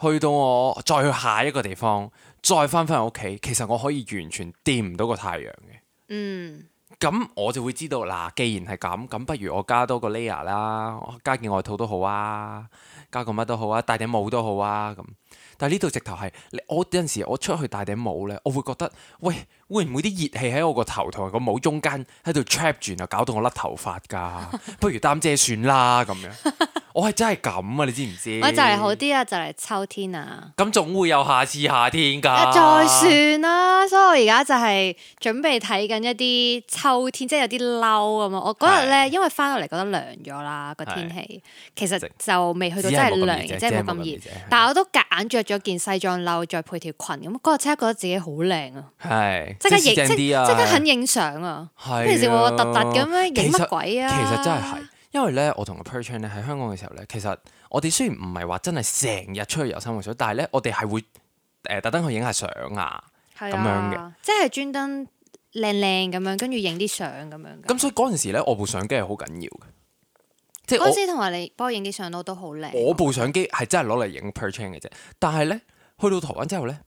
去到我再去下一個地方。再翻返屋企，其實我可以完全掂唔到個太陽嘅。嗯，咁我就會知道嗱，既然係咁，咁不如我加多個 layer 啦，加件外套都好啊，加個乜都好啊，戴頂帽都好啊咁。但係呢度直頭係，我有陣時我出去戴頂帽咧，我會覺得喂，會唔會啲熱氣喺我個頭同埋個帽中間喺度 trap 住啊，搞到我甩頭髮噶， 不如擔遮算啦咁樣。 我係真係咁啊，你知唔知？我就係好啲啊，就係秋天啊。咁總會有下次夏天噶，啊啊。再算啦，所以我而家就係準備睇緊一啲秋天，即、就、係、是、有啲嬲啊嘛。我嗰日咧，的因為翻到嚟覺得涼咗啦個天氣，的其實就未去到真係涼，即係冇咁熱，熱熱但我都夾着咗件西裝褸，再配條裙咁，嗰日真係覺得自己好靚啊！係，即刻影，即刻肯影相啊！係，平時我特特咁樣影乜鬼啊？其實真係係，因為咧，我同個 Perchan 咧喺香港嘅時候咧，其實我哋雖然唔係話真係成日出去遊山玩水，但係咧，我哋係會誒特登去影下相啊，咁樣嘅，即係專登靚靚咁樣，跟住影啲相咁樣。咁所以嗰陣時咧，我部相機係好緊要嘅。即嗰時同埋你幫我影啲相都都好靚。我部相機係真係攞嚟影 Perchan 嘅啫。但係咧，去到台灣之後咧，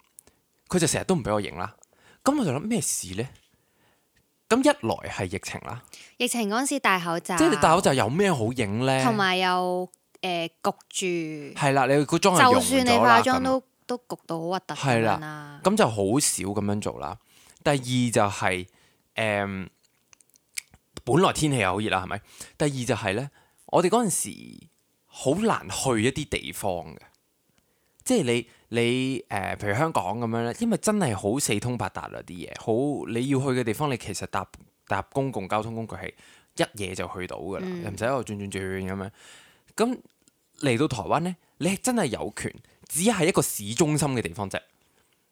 佢就成日都唔俾我影啦。咁我就諗咩事咧？咁一來係疫情啦，疫情嗰時戴口罩，即係你戴口罩有咩好影咧？同埋又誒焗住，係、呃、啦，你個妝就算你化妝都樣都焗到好核突，係啦。咁就好少咁樣做啦。第二就係、是、誒、嗯、本來天氣又好熱啦，係咪？第二就係咧。我哋嗰陣時好難去一啲地方嘅，即係你你誒、呃，譬如香港咁樣咧，因為真係好四通八達啦啲嘢，好你要去嘅地方，你其實搭搭公共交通工具係一嘢就去到噶啦，嗯、又唔使喺度轉轉轉咁樣。咁嚟到台灣呢，你係真係有權，只係一個市中心嘅地方啫，就係、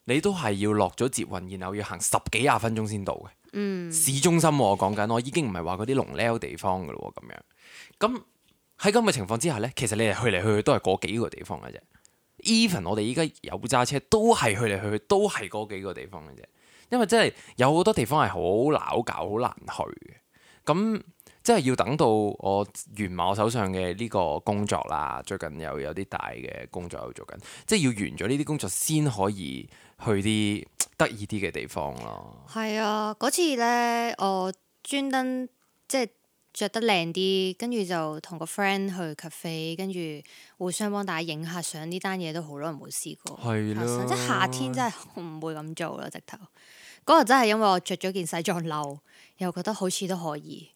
你都係要落咗捷運，然後要行十幾廿分鐘先到嘅。嗯、市中心、啊、我講緊，我已經唔係話嗰啲龍 L 地方噶啦，咁樣。咁喺咁嘅情況之下呢，其實你係去嚟去去都係嗰幾個地方嘅啫。Even 我哋依家有揸車，都係去嚟去去都係嗰幾個地方嘅啫。因為真係有好多地方係好撓搞、好難去嘅。咁真係要等到我完埋我手上嘅呢個工作啦，最近又有啲大嘅工作喺度做緊，即係要完咗呢啲工作先可以去啲得意啲嘅地方咯。係啊，嗰次呢，我專登即係。就是着得靚啲，跟住就同個 friend 去 cafe，跟住互相幫大家影下相。呢單嘢都好耐冇試過，係啦的，即係夏天真係唔會咁做啦，直頭嗰日真係因為我着咗件西裝褸，又覺得好似都可以，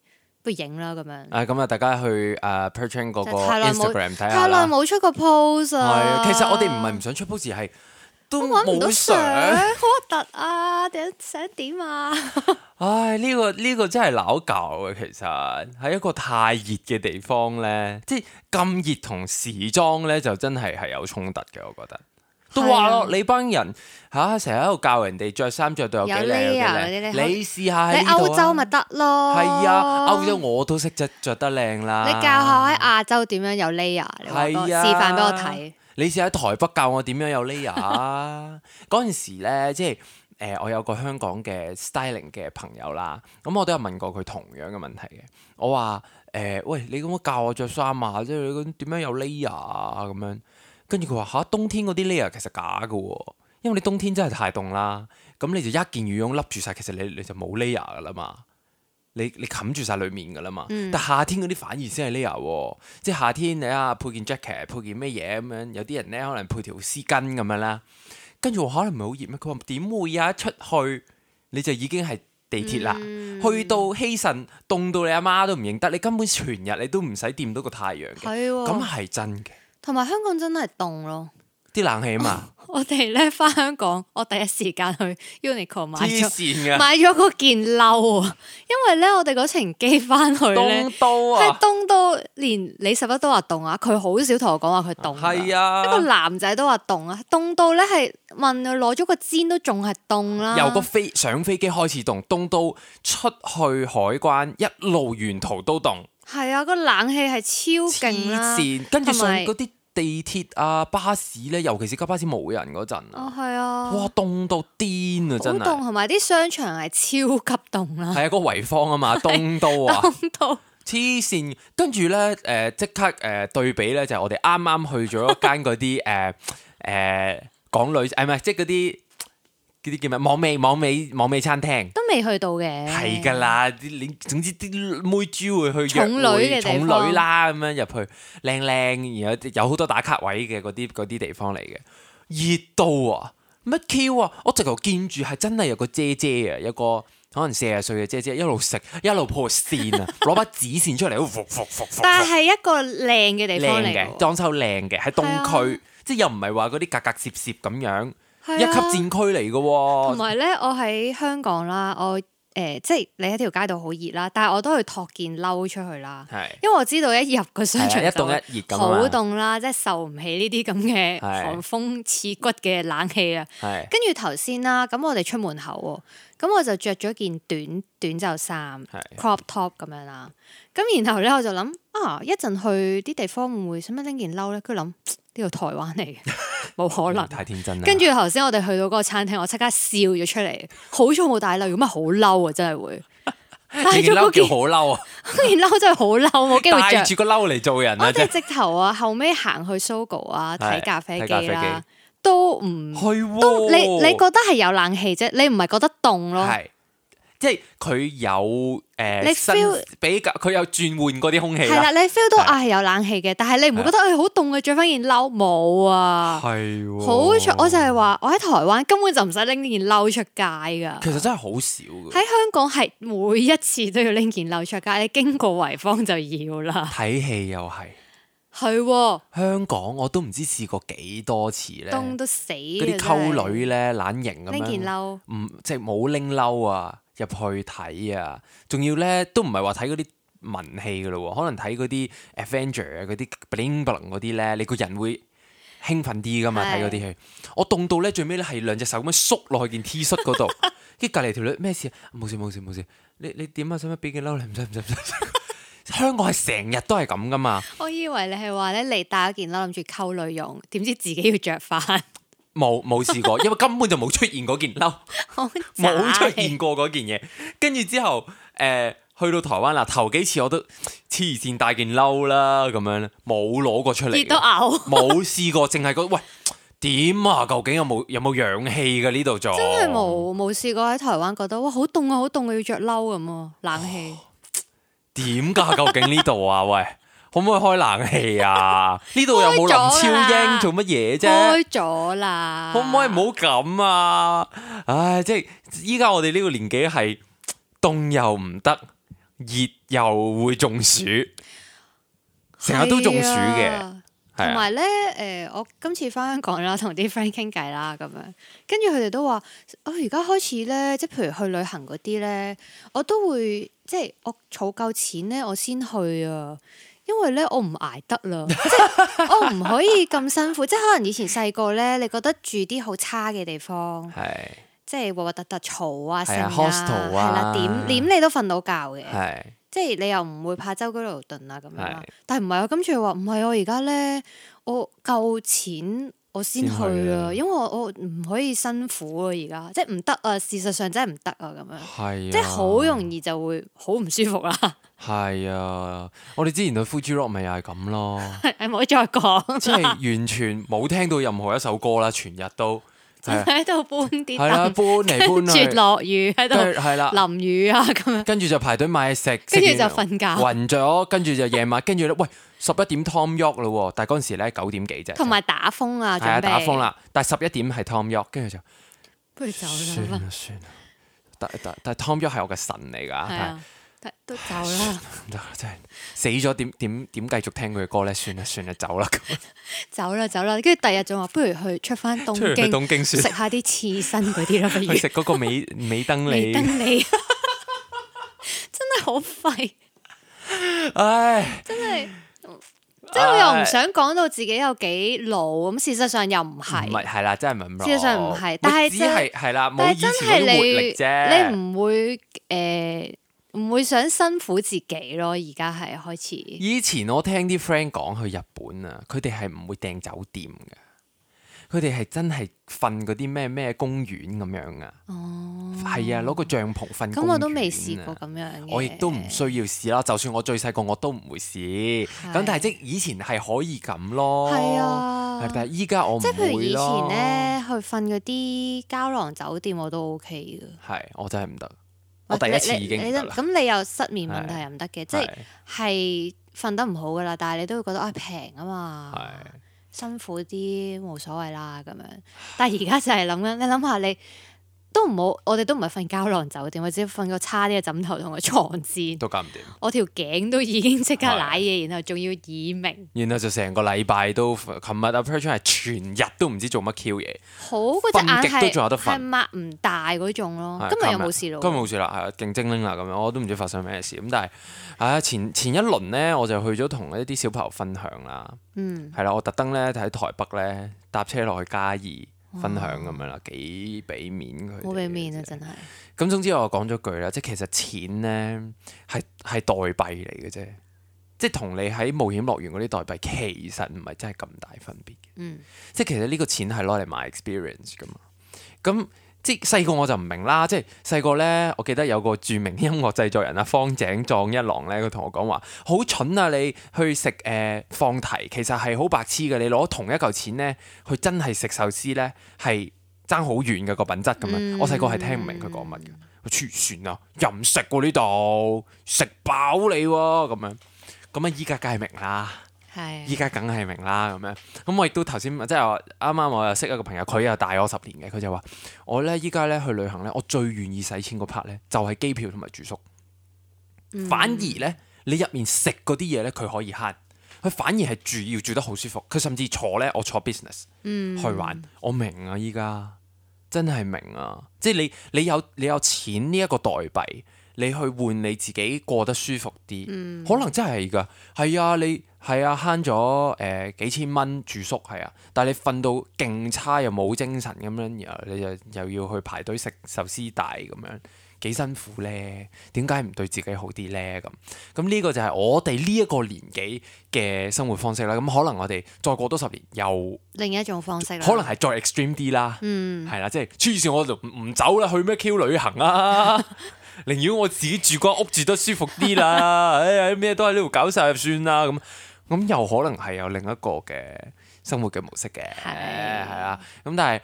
不如影啦咁樣。誒，咁啊，大家去誒 Perchan、uh, 嗰個 Instagram 睇下啦太耐冇出個 pose 啦，其實我哋唔係唔想出 pose，係。都揾唔到相、 哎，好核突啊！想想點啊？唉，呢個呢個真係鬧交嘅，其實喺一個太熱嘅地方咧，即係咁熱同時裝咧，就真係係有衝突嘅。我覺得都話咯，你班人嚇成日喺度教人哋着衫着到有幾靚啊嗰啲咧，你試下喺、啊、歐洲咪得咯？係啊，歐洲我都識著著得靚啦。你教下喺亞洲點樣有 layer？係啊，你示範俾我睇。你試下喺台北教我點樣有 layer 啊！嗰陣時咧，即係誒、呃、我有個香港嘅 styling 嘅朋友啦，咁我都有問過佢同樣嘅問題嘅。我話誒、呃、喂，你咁唔樣教我着衫啊？即係點樣有 layer 啊？咁樣跟住佢話嚇，冬天嗰啲 layer 其實假嘅、哦，因為你冬天真係太凍啦，咁你就一件羽絨笠住晒，其實你你就冇 layer 嘅啦嘛。你你冚住晒裏面嘅啦嘛，嗯、但夏天嗰啲反而先係呢樣，即係夏天你啊配件 jacket，配件咩嘢咁樣，有啲人咧可能配條絲巾咁樣啦，跟住我可能唔係好熱咩？佢話點會啊？出去你就已經係地鐵啦，嗯、去到希臣希慎凍到你阿媽，媽都唔認得，你根本全日你都唔使掂到個太陽嘅，咁係對、哦、真嘅。同埋香港真係凍咯。啲冷氣嘛，哦、我哋咧翻香港，我第一時間去 Uniqlo 買咗，啊、買咗個件褸啊！因為咧，我哋嗰程機翻去咧，凍到啊，凍到連李拾壹都話凍啊，佢好少同我講話佢凍啊，一個男仔都話凍啊，凍到咧係問佢攞咗個氈都仲係凍啦，由個飛上飛機開始凍，凍到出去海關一路沿途都凍，係啊，個冷氣係超勁啦，跟住上嗰啲。地鐵啊、巴士咧，尤其是架巴士冇人嗰陣、哦、啊，係啊，哇，凍到癲啊，真係，凍同埋啲商場係超級凍啦，係啊，個圍方啊嘛，凍到啊， 凍到都！黐線，跟住咧誒，即、呃、刻誒、呃、對比咧，就係、是、我哋啱啱去咗間嗰啲誒誒港女，誒唔係即係嗰啲。嗰啲叫咩？網美網美網美餐廳都未去到嘅，係㗎啦！啲你總之啲妹豬會去重女嘅重女啦，咁樣入去靚靚，然後有好多打卡位嘅嗰啲啲地方嚟嘅，熱到啊！乜 Q 啊！我直頭見住係真係有個姐姐啊，有個可能四十歲嘅姐姐一路食一路破線啊，攞把紙線出嚟一路伏伏伏伏。但係一個靚嘅地方嚟，裝修靚嘅喺東區，即係又唔係話嗰啲格格攝攝咁樣。啊、一級戰區嚟嘅喎，同埋咧，我喺香港啦，我誒、呃、即係你喺條街度好熱啦，但係我都去托件褸出去啦，是因為我知道一入個商場一凍一熱好凍啦，即係受唔起呢啲咁嘅寒風刺骨嘅冷氣啊。是跟住頭先啦，咁我哋出門口喎，咁我就着咗件短短袖衫是 crop top 咁樣啦，咁然後咧我就諗啊，一陣去啲地方會唔會使乜拎件褸咧？佢諗。呢度台灣嚟嘅，冇可能。 太天真啦！跟住頭先我哋去到嗰個餐廳，我即刻笑咗出嚟。好彩冇大褸，如果唔係好嬲啊！真係會帶咗個件好嬲啊！然嬲， 真係好嬲，冇機會著住個褸嚟做人啊！ 我哋直頭啊，後尾行去 Sogo 啊，睇咖啡機啦、啊，都唔去。都你你覺得係有冷氣啫？你唔係覺得凍咯？即係佢有你 feel 比較，佢有轉換嗰啲空氣啦。係啦，你 feel 到啊，係有冷氣嘅，是的 但係你唔會覺得誒好凍嘅，着翻件褸冇啊。係喎，好彩，我就係話，我喺台灣根本就唔使拎呢件褸出街噶。其實真係好少嘅。喺香港係每一次都要拎件褸出街，你經過圍方就要啦。睇戲又係。係喎，香港我都唔知試過幾多次咧，凍到死，嗰啲溝女咧懶型。咁樣拎件褸，唔即係冇拎褸啊。入去睇啊，仲要咧都唔係話睇嗰啲文戲噶咯喎，可能睇嗰啲 Avenger 嗰啲 bling bling 嗰、um、啲咧，你個人會興奮啲噶嘛睇嗰啲戲。我凍到咧最尾咧係兩隻手咁樣縮落去件 T 恤嗰度，跟住隔離條女咩事啊？冇事冇事冇事，你你點啊？使唔使變件褸？你唔使唔使唔使。 香港係成日都係咁噶嘛。我以為你係話咧嚟帶一件褸諗住溝女用，點知自己要着翻。冇冇試過，因為根本就冇出現嗰件褸，冇出現過嗰件嘢。跟住之後，誒、呃、去到台灣啦，頭幾次我都黐線帶件褸啦，咁樣冇攞過出嚟，咬。冇試過，淨係覺得喂，點啊？究竟有冇有冇氧氣嘅呢度做？真係冇冇試過喺台灣，覺得哇好凍啊，好凍啊，要着褸咁啊，冷氣點噶？究竟呢度啊喂？ 可唔可以開冷氣啊？呢度 了啦 有冇林超英做乜嘢啫？開咗了啦！可唔可以唔好咁啊？唉，即係依家我哋呢個年紀係凍又唔得，熱又會中暑，成日、嗯、都中暑嘅。同埋咧，誒、啊呃，我今次翻香港啦，同啲 friend 傾偈啦，咁樣，跟住佢哋都話，我而家開始咧，即係譬如去旅行嗰啲咧，我都會即係我儲夠錢咧，我先去啊。因為咧我唔挨得啦， 即係我唔可以咁辛苦， 即係可能以前細個咧，你覺得住啲好差嘅地方， 即係核核突突嘈啊，成啊，係啦麼，點點、啊啊、你都瞓到覺嘅，是即係你又唔會怕周居勞頓啊咁樣，是但係唔係我今次話唔係我而家咧，我夠錢。我先去啊，因為我唔可以辛苦啊。而家即係唔得啊！事實上真係唔得啊，咁樣，即係好容易就會好唔舒服啦。係啊， 啊，我哋之前去 Fuji Rock 咪又係咁咯。你唔好再講。即係完全冇聽到任何一首歌啦，全日都喺度搬啲。係啦，搬嚟搬去，落雨喺度，係啦，淋雨啊咁樣。跟住就排隊買嘢食， 跟住就瞓覺，暈咗。跟住就夜晚，跟住喂。十一點 Tom York 啦喎，但係嗰陣時咧九點幾啫。同埋打風啊，係啊打風啦，但係十一點係 Tom York，跟住就不如走啦。算啦算啦，但但但 Tom York 係我嘅神嚟㗎，係、啊、都走啦。唔得，真係死咗，點點點繼續聽佢嘅歌咧？算啦算啦，走啦。走啦走啦，跟住第日仲話不如去出翻東京去東京算，食下啲刺身嗰啲啦。去食嗰個美美登利。真係好廢，唉！真係。即係我又唔想講到自己有幾老，咁事實上又唔係，唔係係啦，真係唔係咁老，事實上唔係，但係即係係啦，冇以前都活力啫，你唔會誒，唔、呃、唔會想辛苦自己咯。而家係開始。以前我聽啲 friend 講去日本啊，佢哋係唔會訂酒店嘅。佢哋係真係瞓嗰啲咩咩公園咁樣、oh. 啊？哦，係啊，攞個帳篷瞓。咁我都未試過咁樣，我亦都唔需要試啦。的就算我最細個，我都唔會試。咁的但係即以前係可以咁咯。係啊的，但係依家我即譬如以前咧，去瞓嗰啲膠囊酒店我都 OK 嘅。係，我真係唔得。我第一次已經咁，你又失眠問題又唔的得嘅，即係係瞓得唔好噶啦。但係你都會覺得啊，平啊嘛。係的。辛苦啲冇所謂啦咁樣，但係而家就係諗緊，你諗下你。都唔好，我哋都唔係瞓膠囊酒店，或者瞓個差啲嘅枕頭同個床墊，都搞唔掂。我條頸都已經即刻瀨嘢，的然後仲要耳鳴，然後就成個禮拜都，琴日阿 Perchan 係全日都唔知做乜 Q 嘢，好嗰隻眼係係擘唔大嗰種咯。今日有冇事咯？今日冇事啦，係啊，勁精靈啦咁樣，我都唔知發生咩事咁，但係唉，前前一輪呢，我就去咗同一啲小朋友分享啦，嗯，係啦，我特登咧喺台北咧搭車落去嘉義。分享咁樣啦，幾俾面佢？好俾面啊，真係。咁總之我講咗句啦，即係其實錢咧係係代幣嚟嘅啫，即係同你喺冒險樂園嗰啲代幣其實唔係真係咁大分別嘅。嗯，即係其實呢個錢係攞嚟買的 experience 㗎嘛。咁即係細個我就唔明啦，即係細個呢，我記得有個著名音樂製作人啊，方井壯一郎呢，佢同我講話：好蠢啊，你去食誒、呃、放題，其實係好白痴嘅，你攞同一嚿錢呢，去真係食壽司呢，係爭好遠嘅，嗰個品質咁樣。我細個係聽唔明佢講乜嘅，船啊，任食喎呢度，食飽你喎咁樣，咁啊依家梗係明啦。依家梗係明啦咁樣，咁我亦都頭先即係啱啱我又識一個朋友，佢又大我十年嘅，佢就話我咧依家咧去旅行咧，我最願意使錢嗰 part 咧就係、是、機票同埋住宿，嗯、反而咧你入面食嗰啲嘢咧佢可以慳，佢反而係住要住得好舒服，佢甚至坐咧我坐 business 去玩，嗯、我明啊，依家真係明啊，即係你你有你有錢呢一個代幣。你去換你自己過得舒服啲，嗯、可能真係㗎，係啊，你係啊慳咗誒幾千蚊住宿係啊，但係你瞓到勁差又冇精神咁樣，然後你又又要去排隊食壽司大咁樣，幾辛苦咧？點解唔對自己好啲咧？咁咁呢個就係我哋呢一個年紀嘅生活方式啦。咁可能我哋再過多十年又另一種方式啦，可能係再 extreme 啲啦，係啦、嗯啊，即係黐線，我就唔走啦，去咩 Q 旅行啊？ 寧願我自己住間屋住得舒服啲啦，唉、 哎，咩都喺呢度搞晒就算啦咁。咁又可能係有另一個嘅生活嘅模式嘅，係啊。 咁但係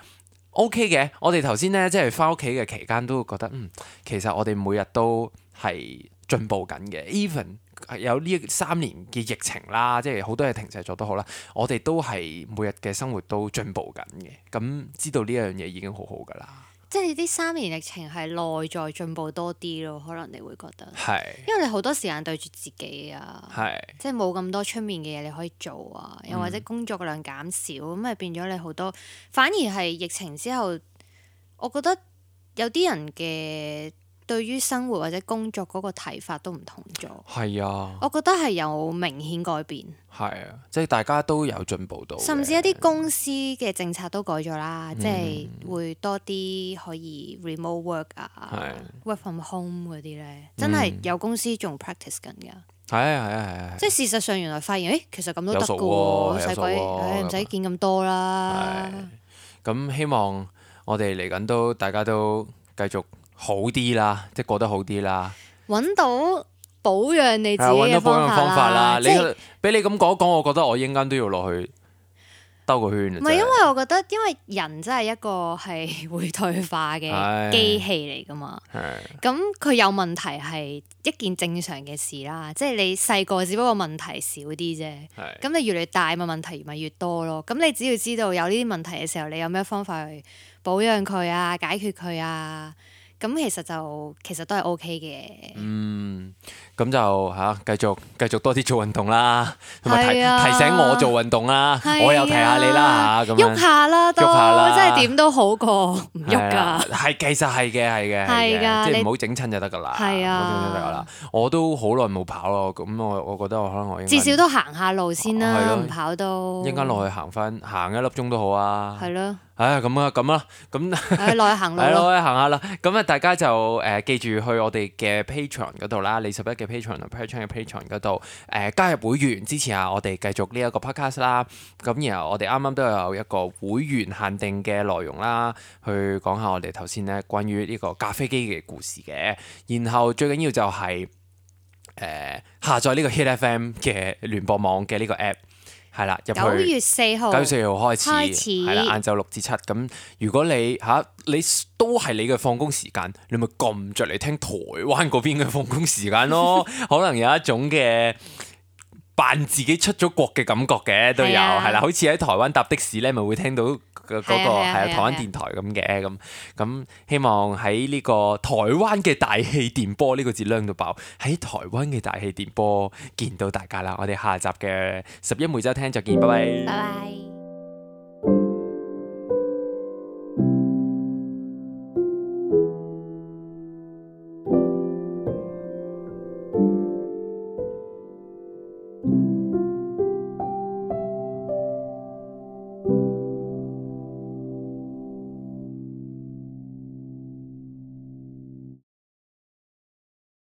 O K 嘅，我哋頭先呢，即係返屋企嘅期間都會覺得，嗯，其實我哋每日都係進步緊嘅。Even 有呢三年嘅疫情啦，即係好多嘢停滯咗都好啦，我哋都係每日嘅生活都進步緊嘅。咁知道呢一樣嘢已經好好噶啦。即係啲三年疫情係內在進步多啲咯，可能你會覺得，是因為你好多時間對住自己啊，是即係冇咁多出面嘅嘢你可以做啊，又或者工作量減少，咁咪、嗯、變咗你好多，反而係疫情之後，我覺得有啲人嘅。對於生活或者工作嗰個睇法都唔同咗，係啊，我覺得係有明顯改變、嗯，係、嗯、啊，即係大家都有進步到， 甚至一啲公司嘅政策都改咗啦，即係會多啲可以 remote work 啊，work from home 嗰啲咧，真係有公司仲 practice 緊㗎，係啊係啊係啊，啊啊即係事實上原來發現，誒、欸、其實咁都得㗎喎，細鬼誒唔使見咁多啦，咁希望我哋嚟緊都大家都繼續。好啲啦，即係過得好啲啦，揾到保養你自己嘅方法啦，法啦，即，你，俾你咁講一講，我覺得我應間都要落去兜個圈。唔係，因為我覺得，因為人真係一個係會退化嘅機器嚟噶嘛。係咁，佢有問題係一件正常嘅事啦。即係你細個只不過問題少啲啫。係咁，你越嚟越大咪問題咪越多咯。咁你只要知道有呢啲問題嘅時候，你有咩方法去保養佢啊，解決佢啊？咁其實就其實都係 O K 嘅，嗯，咁就吓繼續繼續多啲做運動啦，同埋提提醒我做運動啦，我又提下你啦吓，咁喐下啦，喐下啦，即係點都好過唔喐噶，係，其實係嘅，係嘅，係即係唔好整親就得噶啦，係啊，就得啦，我都好耐冇跑咯，咁我我覺得我可能我至少都行下路先啦，唔跑都應該落去行翻，行一粒鐘都好啊，係咯。唉咁啊咁啊咁，去旅行啦，去旅行下啦。咁啊，大家就誒、呃、記住去我哋嘅 Patreon 度啦，李拾壹嘅 Patreon，Patreon 嘅 Patreon 度、呃、誒加入會員支持下我哋繼續呢一個 podcast 啦、啊。咁然後我哋啱啱都有一個會員限定嘅內容啦，去講下我哋頭先咧關於呢個咖啡機嘅故事嘅。然後最緊要就係、是、誒、呃、下載呢個 Hit FM 嘅聯播網嘅呢個 app。係啦，入去九月四號，九月四號開始，係啦始，晏晝六至七。咁如果你嚇、啊、你都係你嘅放工時間，你咪撳着嚟聽台灣嗰邊嘅放工時間咯。 可能有一種嘅。扮自己出咗國嘅感覺嘅都有，係啦是、啊，好似喺台灣搭的士呢咪會聽到嗰、那個係是、啊、台灣電台咁嘅，咁咁是、啊、希望喺呢個台灣嘅大氣電波呢、這個字亮到爆，喺台灣嘅大氣電波見到大家啦，我哋下集嘅拾壹每週聽再見，拜拜、嗯 bye。